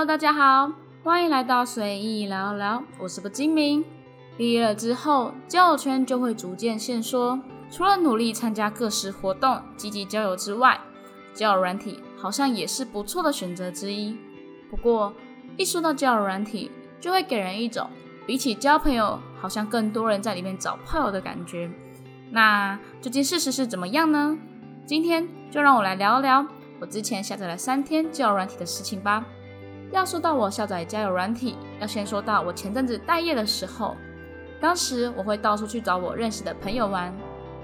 Hello，大家好，歡迎來到隨意聊聊。我是個精明。畢業了之後，交友圈就會逐漸限縮。除了努力參加各式活動、積極交友之外，交友軟體好像也是不錯的選擇之一。不過，一說到交友軟體，就會給人一種比起交朋友，好像更多人在裡面找炮友的感覺。那究竟事實是怎麼樣呢？今天就讓我來聊聊我之前下載了三天交友軟體的事情吧。要說到我下載交友軟體，要先說到我前陣子待業的時候。當時我會到處去找我認識的朋友玩。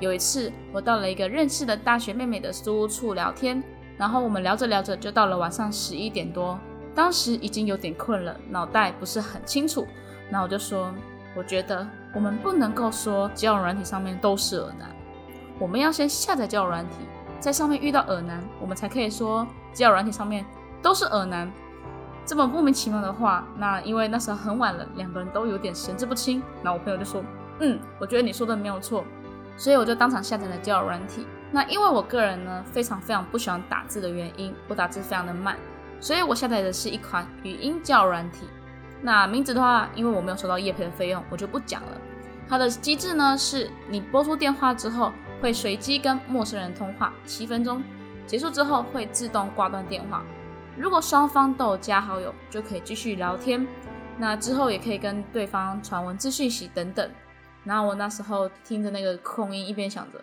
有一次，我到了一個認識的大學妹妹的租屋處聊天，然後我們聊着聊着就到了晚上十一點多。當時已經有點困了，腦袋不是很清楚。然後我就說：“我覺得我們不能夠說交友軟體上面都是耳男，我們要先下載交友軟體，在上面遇到耳男，我們才可以說交友軟體上面都是耳男。”這麼莫名其妙的話，那因為那時候很晚了，兩個人都有點神志不清。那我朋友就說：“嗯，我覺得你說的沒有錯。”所以我就當場下載了交友軟體。那因為我個人呢非常非常不喜歡打字的原因，我打字非常的慢，所以我下載的是一款語音交友軟體。那名字的話，因為我沒有收到業配的費用，我就不講了。它的機制呢是，你撥出電話之後會隨機跟陌生人通話七分鐘，結束之後會自動掛斷電話。如果雙方都有加好友，就可以繼續聊天。那之後也可以跟對方傳文字訊息等等。然後我那時候聽着那個空音一，一邊想着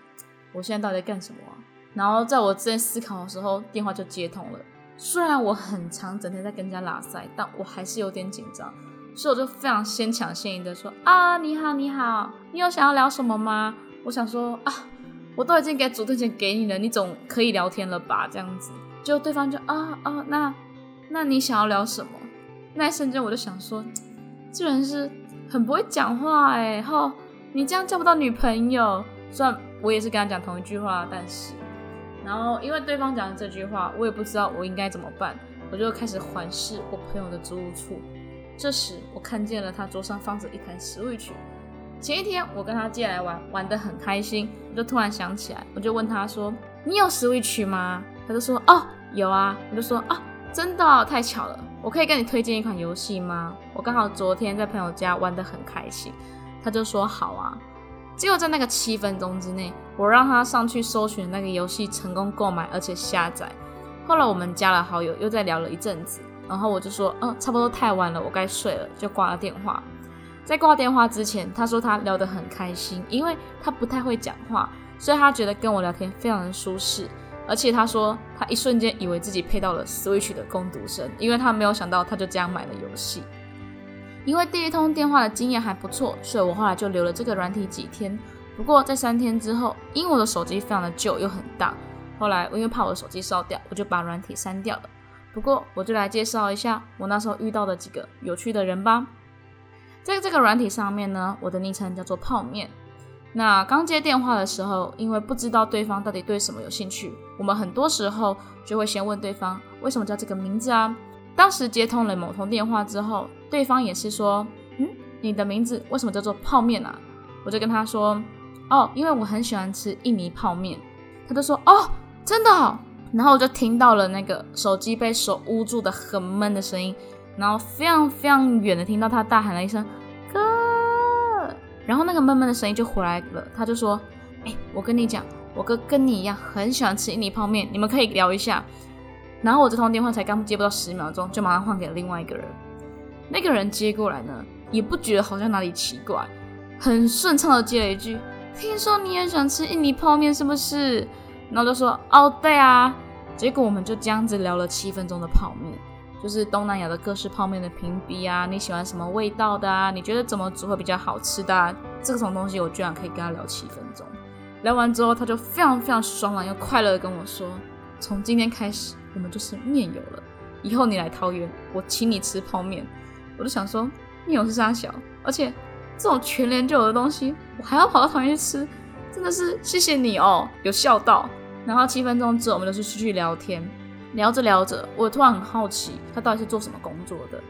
我現在到底在幹什麼，啊。然後在我這邊思考的時候，電話就接通了。雖然我很常整天在跟人家拉塞，但我還是有點緊張，所以我就非常先搶先贏的說啊你好你好，你有想要聊什麼嗎？我想說啊，我都已經給主動權給你了，你總可以聊天了吧？這樣子。就對方就啊啊，那那你想要聊什麼？那一瞬間我就想說，這人是很不會講話哎。然、哦、你這樣交不到女朋友，雖然我也是跟他講同一句話，但是然後因為對方講的這句話，我也不知道我應該怎麼辦，我就開始環視我朋友的租屋處。這時我看見了他桌上放着一台 Switch，前一天我跟他借來玩，玩得很開心，我就突然想起來，我就問他說：“你有 Switch 嗎？”他就說：“哦，有啊。”我就說：“啊，真的啊，太巧了，我可以跟你推薦一款遊戲嗎？我剛好昨天在朋友家玩得很開心。”他就說：“好啊。”結果在那個七分鐘之內，我讓他上去搜尋那個遊戲，成功購買而且下載。後來我們加了好友，又再聊了一陣子。然後我就說：“嗯、哦，差不多太晚了，我該睡了。”就掛了電話。在掛電話之前，他說他聊得很開心，因為他不太會講話，所以他覺得跟我聊天非常的舒適。而且他說，他一瞬間以為自己配到了 Switch 的工讀生，因為他沒有想到他就這樣買了遊戲。因為第一通電話的經驗還不錯，所以我後來就留了這個軟體幾天。不過在三天之後，因為我的手機非常的舊又很大，後來我因為怕我的手機燒掉，我就把軟體刪掉了。不過我就來介紹一下我那時候遇到的幾個有趣的人吧。在這個軟體上面呢，我的昵稱叫做泡麵。那剛接電話的時候，因為不知道對方到底對什麼有興趣，我們很多時候就會先問對方為什麼叫這個名字啊。當時接通了某通電話之後，對方也是說：“嗯，你的名字為什麼叫做泡麵啊？”我就跟他說：“哦，因為我很喜歡吃印尼泡麵。”他就說：“哦，真的哦。”然後我就聽到了那個手機被手捂住的很悶的聲音，然後非常非常遠的聽到他大喊了一聲。然後那個悶悶的聲音就回來了，他就說：“哎、欸，我跟你講，我哥跟你一樣很喜歡吃印尼泡麵，你們可以聊一下。”然後我這通電話才剛接不到十秒鐘，就馬上換給了另外一個人。那個人接過來呢，也不覺得好像哪裡奇怪，很順暢的接了一句：“聽說你也想吃印尼泡麵是不是？”然後就說：“哦，對啊。”結果我們就這樣子聊了七分鐘的泡麵。就是東南亞的各式泡麵的評比啊，你喜歡什麼味道的啊？你覺得怎麼煮會比較好吃的啊？這種東西我居然可以跟他聊七分鐘，聊完之後他就非常非常爽朗、啊、又快樂的跟我說，從今天開始我們就是麵友了，以後你來桃園我請你吃泡麵。我都想說，麵友是啥小？而且這種全聯就有的東西，我還要跑到桃園去吃，真的是謝謝你哦，有笑到。然後七分鐘之後我們就是去，去聊天。聊着聊着，我突然很好奇他到底是做什麼工作的。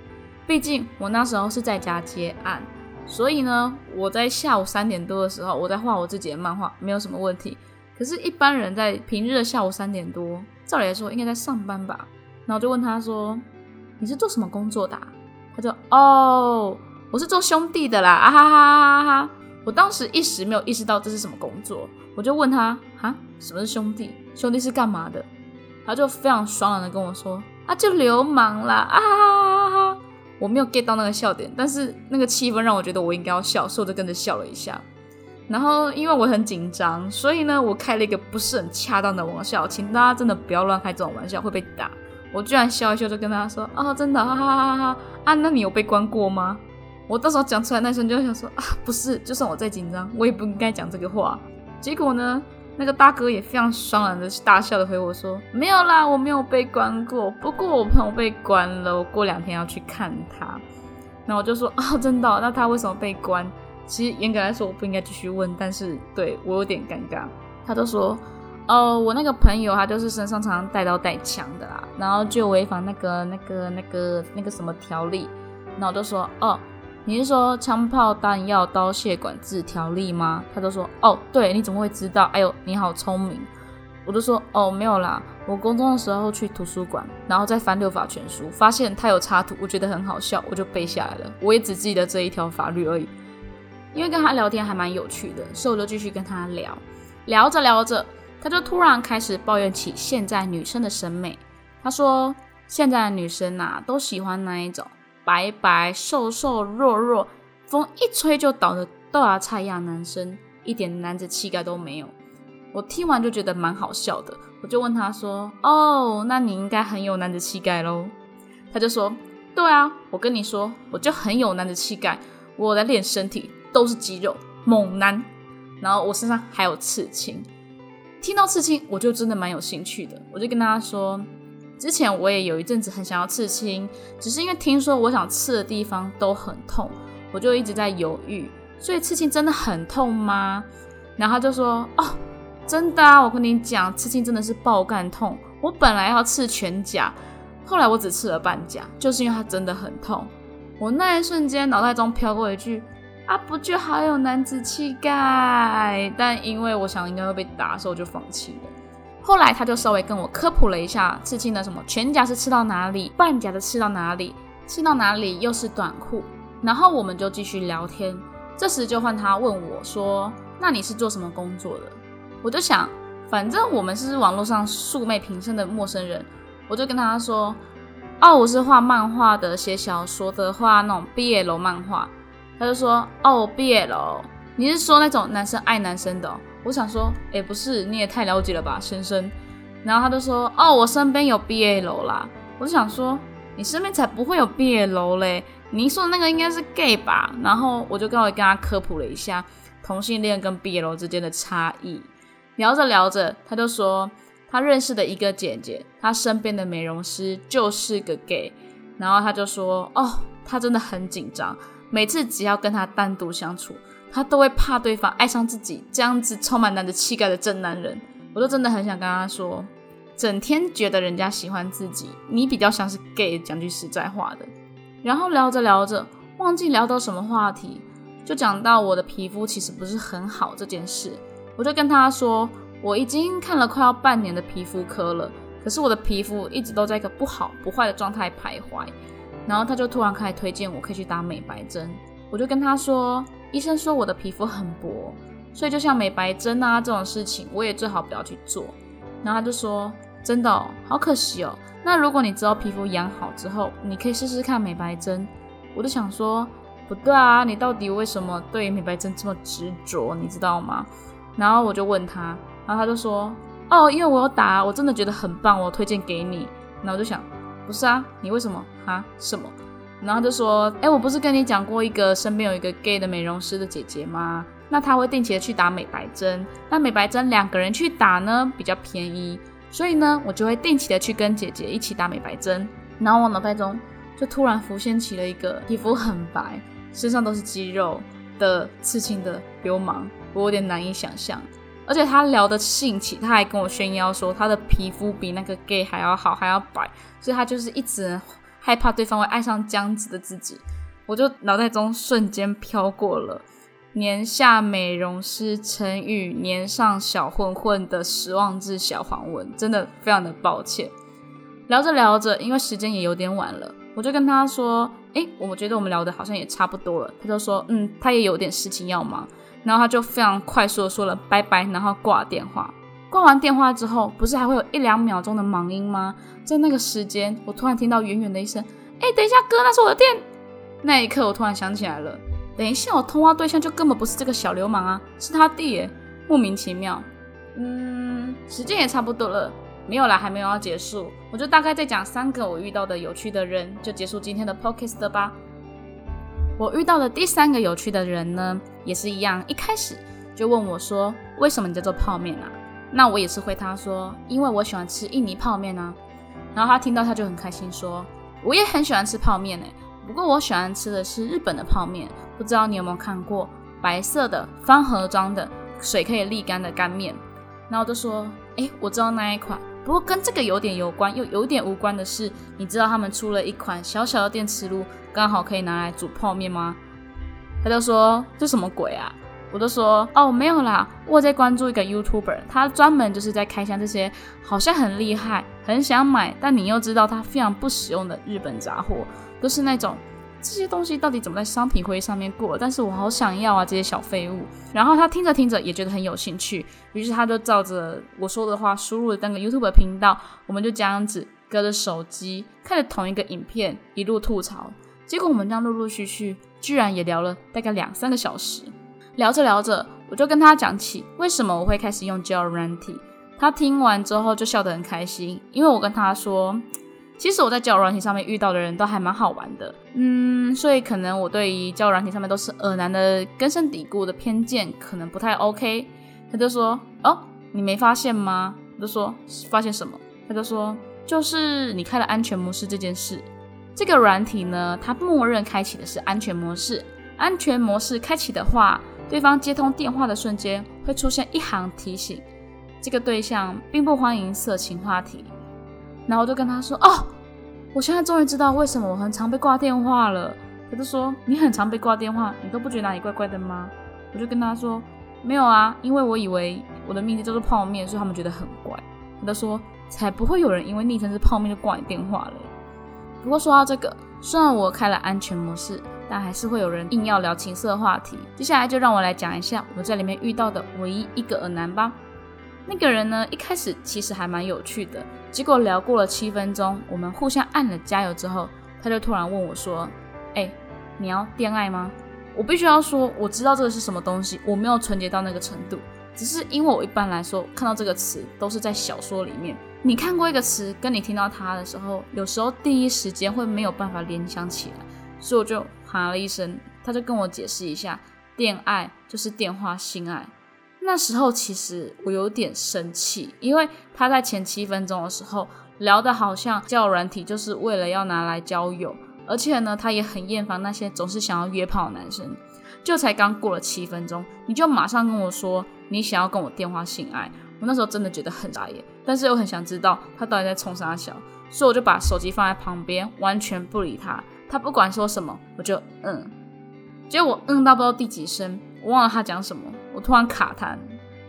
畢竟我那時候是在家接案，所以呢，我在下午三點多的時候，我在畫我自己的漫畫，沒有什麼問題。可是，一般人在平日的下午三點多，照理來說應該在上班吧？然後就問他說：“你是做什麼工作的啊？”他就：“哦，我是做兄弟的啦！”啊哈哈哈哈！我當時一時沒有意識到這是什麼工作，我就問他：“啊，什麼是兄弟？兄弟是幹嘛的？”他就非常爽朗的跟我說：“啊，就流氓啦，啊哈哈哈哈！”我沒有 get 到那個笑點，但是那個氣氛讓我覺得我應該要笑，所以我就跟着笑了一下。然後因為我很緊張，所以呢，我開了一個不是很恰當的玩笑，請大家真的不要亂開這種玩笑，會被打。我居然笑一笑，就跟大家說：“啊，真的啊，哈哈哈哈啊，那你有被關過嗎？”我到時候講出來那時候你就會想說：“啊，不是，就算我再緊張，我也不應該講這個話。”結果呢？那個大哥也非常爽朗的大笑的回我說：“沒有啦，我沒有被關過。不過我朋友被關了，我過兩天要去看他。”然後我就說：“啊、哦，真的？那他為什麼被關？”其實嚴格來說，我不應該繼續問，但是對我有點尷尬。他就說：“哦、呃，我那個朋友他就是身上常帶刀帶槍的啦，然後就違反那個那個那個那個什麼條例。”然後我就說：“哦。”你是說槍炮彈藥刀械管制條例嗎？他就說，哦，對，你怎麼會知道？哎呦，你好聰明！我就說，哦，沒有啦，我高中的時候去圖書館，然後再翻《六法全書》，發現他有插圖，我覺得很好笑，我就背下來了。我也只記得這一條法律而已。因為跟他聊天還蠻有趣的，所以我就繼續跟他聊。聊着聊着，他就突然開始抱怨起現在女生的審美。他說：現在的女生吶、啊，都喜歡哪一種？白白瘦瘦弱弱，風一吹就倒的豆芽菜一樣男生，一點男子氣概都沒有。我聽完就覺得蠻好笑的，我就問他說：“哦，那你應該很有男子氣概咯。”他就說：“對啊，我跟你說，我就很有男子氣概，我在練身體，都是肌肉猛男，然後我身上還有刺青。”聽到刺青，我就真的蠻有興趣的，我就跟他說。之前我也有一陣子很想要刺青，只是因為聽說我想刺的地方都很痛，我就一直在猶豫。所以刺青真的很痛嗎？然後他就說，哦，真的啊，我跟你講，刺青真的是爆幹痛。我本來要刺全甲，後來我只刺了半甲，就是因為它真的很痛。我那一瞬間腦袋中飄過一句啊，不就好有男子氣概？但因為我想應該會被打，所以我就放棄了。後來他就稍微跟我科普了一下，刺青的什麼全甲，是刺到哪裡，半甲的刺到哪裡，刺到哪裡又是短褲。然後我們就繼續聊天，這時就換他問我說：“那你是做什麼工作的？”我就想，反正我們是網絡上素昧平生的陌生人，我就跟他說：“哦，我是畫漫畫的，寫小說的，畫那種 BL 漫畫。”他就說：“哦，BL，你是說那種男生愛男生的、哦？”我想說，誒、欸、不是，你也太了解了吧，先生。然後他就說，哦，我身邊有 BL 啦。我就想說，你身邊才不會有 BL 嘞。你說的那個應該是 gay 吧？然後我就剛好跟他科普了一下同性戀跟 BL 之間的差異。聊着聊着，他就說他認識的一個姐姐，她身邊的美容師就是個 gay。然後他就說，哦，他真的很緊張，每次只要跟他單獨相處。他都會怕對方愛上自己這樣子充滿男子氣概的正男人，我就真的很想跟他說，整天覺得人家喜歡自己，你比較像是 gay。講句實在話的，然後聊着聊着忘記聊到什麼話題，就講到我的皮膚其實不是很好這件事，我就跟他說，我已經看了快要半年的皮膚科了，可是我的皮膚一直都在一個不好不壞的狀態徘徊。然後他就突然開始推薦我可以去打美白針，我就跟他說。醫生說我的皮膚很薄，所以就像美白針啊這種事情，我也最好不要去做。然後他就說：“真的哦，好可惜哦。那如果你知道皮膚養好之後，你可以試試看美白針。”我就想說：“不對啊，你到底為什麼對美白針這麼執着？你知道嗎？”然後我就問他，然後他就說：“哦，因為我有打，我真的覺得很棒，我推薦給你。”然後我就想：“不是啊，你為什麼啊？什麼？”然後就說，哎，我不是跟你講過一個身邊有一個 gay 的美容師的姐姐嗎？那她會定期的去打美白針。那美白針兩個人去打呢，比較便宜，所以呢，我就會定期的去跟姐姐一起打美白針。然後我腦袋中就突然浮現起了一個皮膚很白，身上都是肌肉的刺青的流氓，我有點難以想象。而且他聊得興起，他還跟我炫耀說他的皮膚比那個 gay 還要好，還要白，所以他就是一直。害怕對方會愛上這樣子的自己，我就腦袋中瞬間飄過了年下美容師乘以年上小混混的十萬字小黃文，真的非常的抱歉。聊着聊着，因為時間也有點晚了，我就跟他說：“哎、欸，我們覺得我們聊的好像也差不多了。”他就說：“嗯，他也有點事情要忙。”然後他就非常快速的說了“拜拜”，然後掛電話。掛完電話之後，不是還會有一兩秒鐘的忙音嗎？在那個時間，我突然聽到遠遠的一聲：“哎，等一下哥，那是我的店。”那一刻，我突然想起來了。等一下，我通話對象就根本不是這個小流氓啊，是他弟耶。莫名其妙。嗯，時間也差不多了，沒有啦，還沒有要結束，我就大概再講三個我遇到的有趣的人，就結束今天的 Podcast 吧。我遇到的第三個有趣的人呢，也是一樣，一開始就問我說：“為什麼你在做泡面啊？”那我也是回他說，因為我喜歡吃印尼泡麵啊，然後他聽到他就很開心說，我也很喜歡吃泡麵誒、欸。不過我喜歡吃的是日本的泡麵，不知道你有沒有看過白色的方盒裝的水可以瀝乾的乾麵，然後就說，哎、欸，我知道那一款，不過跟這個有點有關又有點無關的是，你知道他們出了一款小小的電磁爐，剛好可以拿來煮泡麵嗎？他就說，這什麼鬼啊？我都說哦，沒有啦，我在關注一個 YouTuber，他專門就是在開箱這些好像很厲害、很想買，但你又知道他非常不實用的日本雜貨，都是那種這些東西到底怎麼在商品會議上面過？但是我好想要啊這些小廢物。然後他聽着聽着也覺得很有興趣，於是他就照着我說的話輸入了那個 YouTuber 頻道，我們就這樣子隔着手機看着同一個影片一路吐槽，結果我們這樣陸陸續續居然也聊了大概兩三個小時。聊着聊着，我就跟他講起為什麼我會開始用交友軟體。他聽完之後就笑得很開心，因為我跟他說，其實我在交友軟體上面遇到的人都還蠻好玩的。嗯，所以可能我對於交友軟體上面都是噁男的根深蒂固的偏見，可能不太 OK。他就說：“哦，你沒發現嗎？”我就說：“發現什麼？”他就說：“就是你開了安全模式這件事。這個軟體呢，它默認開啟的是安全模式。安全模式開啟的話。”對方接通電話的瞬間會出現一行提醒，這個對象並不歡迎色情話題。然後我就跟他說：“哦，我現在終於知道為什麼我很常被掛電話了。”他就說：“你很常被掛電話，你都不覺得哪裡怪怪的嗎？”我就跟他說：“沒有啊，因為我以為我的名字叫做泡麵，所以他們覺得很怪。”他說：“才不會有人因為昵稱是泡麵就掛你電話了。”不過說到這個，雖然我開了安全模式。但還是會有人硬要聊情色話題。接下來就讓我來講一下我在裡面遇到的唯一一個耳男吧。那個人呢，一開始其實還蠻有趣的。結果聊過了七分鐘，我們互相按了加油之後，他就突然問我說：“哎、欸，你要電愛嗎？”我必須要說，我知道這個是什麼東西，我沒有純潔到那個程度。只是因為我一般來說看到這個詞都是在小說裡面，你看過一個詞，跟你聽到它的時候，有時候第一時間會沒有辦法聯想起來，所以我就。喊了一聲，他就跟我解釋一下，電愛就是電話性愛。那時候其實我有點生氣，因為他在前七分鐘的時候聊得好像交友軟體，就是為了要拿來交友，而且呢，他也很厭煩那些總是想要約炮的男生。就才剛過了七分鐘，你就馬上跟我說你想要跟我電話性愛，我那時候真的覺得很傻眼，但是又很想知道他到底在衝三小，所以我就把手機放在旁邊，完全不理他。他不管說什麼，我就嗯，結果我嗯到不知道第幾聲，我忘了他講什麼，我突然卡痰，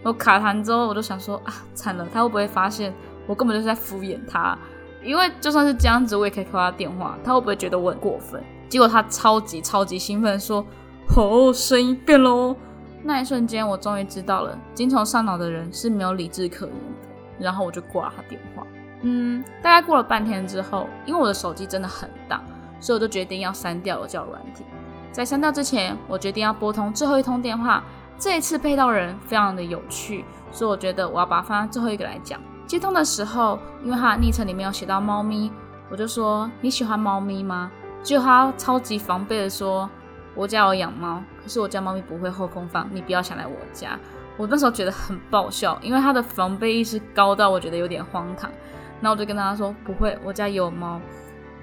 我卡痰之後，我就想說啊，慘了，他會不會發現我根本就是在敷衍他？因為就算是這樣子，我也可以扣他電話，他會不會覺得我很過分？結果他超級超級興奮說，說哦，聲音變嘍！那一瞬間，我終於知道了，精蟲上腦的人是沒有理智可言的。然後我就掛了他電話。嗯，大概過了半天之後，因為我的手機真的很大。所以我就決定要刪掉我交友軟體。在刪掉之前，我決定要撥通最後一通電話。這一次配到人非常的有趣，所以我覺得我要把它放在最後一個來講。接通的時候，因為他的昵稱裡面有寫到貓咪，我就說你喜歡貓咪嗎？結果他超級防備的說我家有養貓，可是我家貓咪不會後空翻，你不要想來我家。我那時候覺得很爆笑，因為他的防備意識高到我覺得有點荒唐。那我就跟他說不會，我家有貓。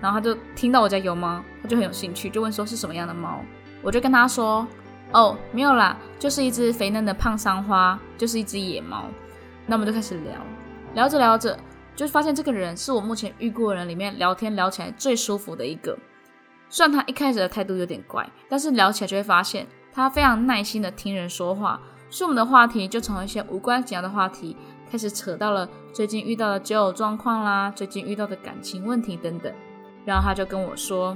然後他就聽到我家有貓，他就很有興趣，就問說是什麼樣的貓。我就跟他說，哦，沒有啦，就是一只肥嫩的胖三花，就是一只野貓。那我們就開始聊，聊着聊着，就發現這個人是我目前遇過的人裡面聊天聊起來最舒服的一個。雖然他一開始的態度有點怪，但是聊起來就會發現他非常耐心的聽人說話。所以我們的話題就從一些無關緊要的話題，開始扯到了最近遇到的交友狀況啦，最近遇到的感情問題等等。然後他就跟我說，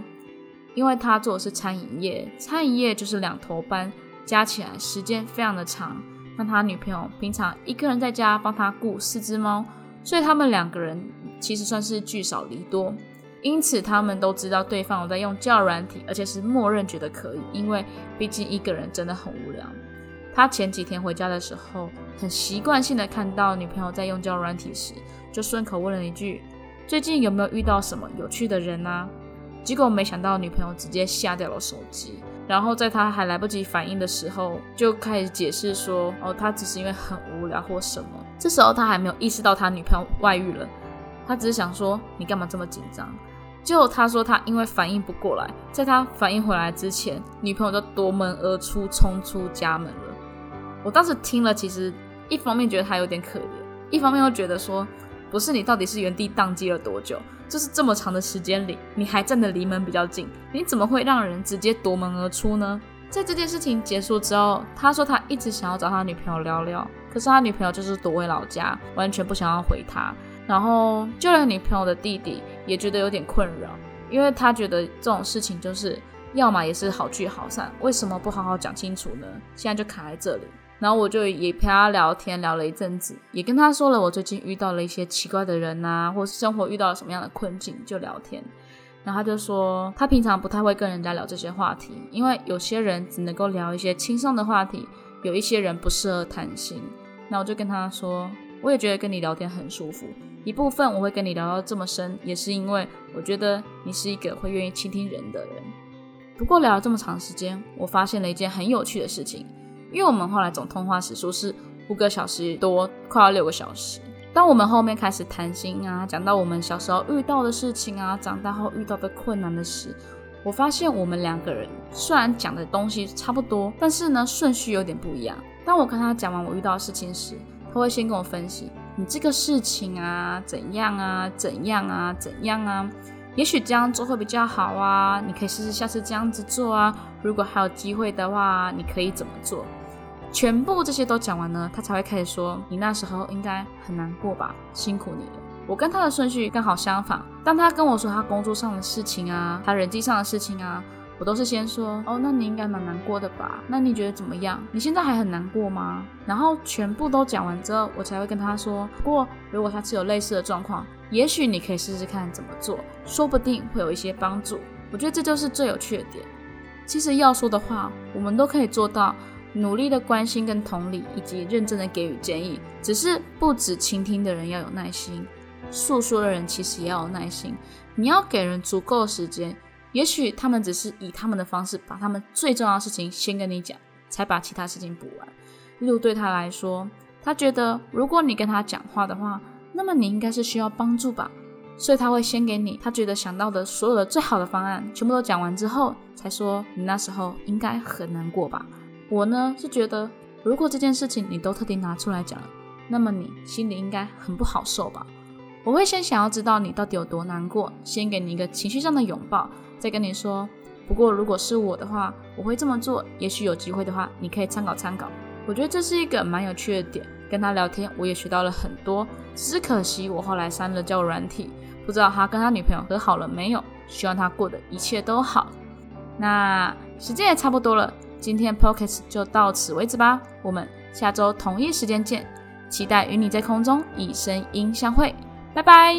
因為他做的是餐飲業，餐飲業就是兩頭班，加起來時間非常的長。那他女朋友平常一個人在家幫他顧四隻貓，所以他們兩個人其實算是聚少離多。因此他們都知道對方有在用交友軟體，而且是默認覺得可以，因為畢竟一個人真的很無聊。他前幾天回家的時候，很習慣性的看到女朋友在用交友軟體時，就順口問了一句，最近有沒有遇到什麼有趣的人啊？結果沒想到女朋友直接下掉了手機，然後在他還來不及反應的時候，就開始解釋說：“哦，他只是因為很無聊或什麼。”這時候他還沒有意識到他女朋友外遇了，他只是想說：“你幹嘛這麼緊張？”結果他說他因為反應不過來，在他反應回來之前，女朋友就奪門而出，衝出家門了。我當時聽了，其實一方面覺得他有點可憐，一方面又覺得說，不是你到底是原地當機了多久？就是這麼長的時間裡，你還站得離門比較近，你怎麼會讓人直接奪門而出呢？在這件事情結束之後，他說他一直想要找他女朋友聊聊，可是他女朋友就是躲回老家，完全不想要回他。然後就連女朋友的弟弟也覺得有點困擾，因為他覺得這種事情就是要嘛也是好聚好散，為什麼不好好講清楚呢？現在就卡在這裡。然後我就也陪他聊天，聊了一陣子，也跟他說了我最近遇到了一些奇怪的人啊，或是生活遇到了什麼樣的困境，就聊天。然後他就說，他平常不太會跟人家聊這些話題，因為有些人只能夠聊一些輕鬆的話題，有一些人不適合談心。那我就跟他說，我也覺得跟你聊天很舒服，一部分我會跟你聊到這麼深，也是因為我覺得你是一個會願意傾聽人的人。不過聊了這麼長時間，我發現了一件很有趣的事情。因為我們後來總通話時數是五個小時多，快要六個小時。當我們後面開始談心啊，講到我們小時候遇到的事情啊，長大後遇到的困難的事，我發現我們兩個人雖然講的東西差不多，但是呢，順序有點不一樣。當我跟他講完我遇到的事情時，他會先跟我分析，你這個事情啊，怎樣啊，怎樣啊，怎樣啊，也許這樣做會比較好啊，你可以試試下次這樣子做啊，如果還有機會的話，你可以怎麼做？全部這些都講完了，他才會開始說：“你那時候應該很難過吧？辛苦你了。”我跟他的順序剛好相反。當他跟我說他工作上的事情啊，他人際上的事情啊，我都是先說：“哦，那你應該蠻難過的吧？那你覺得怎麼樣？你現在還很難過嗎？”然後全部都講完之後，我才會跟他說：“不過，如果他是有類似的狀況，也許你可以試試看怎麼做，說不定會有一些幫助。”我覺得這就是最有趣的點。其實要說的話，我們都可以做到。努力的關心跟同理，以及認真的給予建議，只是不止傾聽的人要有耐心，訴說的人其實也要有耐心。你要給人足夠的時間，也許他們只是以他們的方式，把他們最重要的事情先跟你講，才把其他事情補完。例如對他來說，他覺得如果你跟他講話的話，那麼你應該是需要幫助吧，所以他會先給你他覺得想到的所有的最好的方案，全部都講完之後，才說你那時候應該很難過吧。我呢是覺得，如果這件事情你都特地拿出來講了，那麼你心裡應該很不好受吧？我會先想要知道你到底有多難過，先給你一個情緒上的擁抱，再跟你說。不過如果是我的話，我會這麼做。也許有機會的話，你可以參考參考。我覺得這是一個蠻有趣的點。跟他聊天，我也學到了很多。只是可惜，我後來刪了交友軟體，不知道他跟他女朋友和好了沒有。希望他過得一切都好。那時間也差不多了。今天 Podcast 就到此為止吧，我們下周同一時間見，期待與你在空中以聲音相會，拜拜。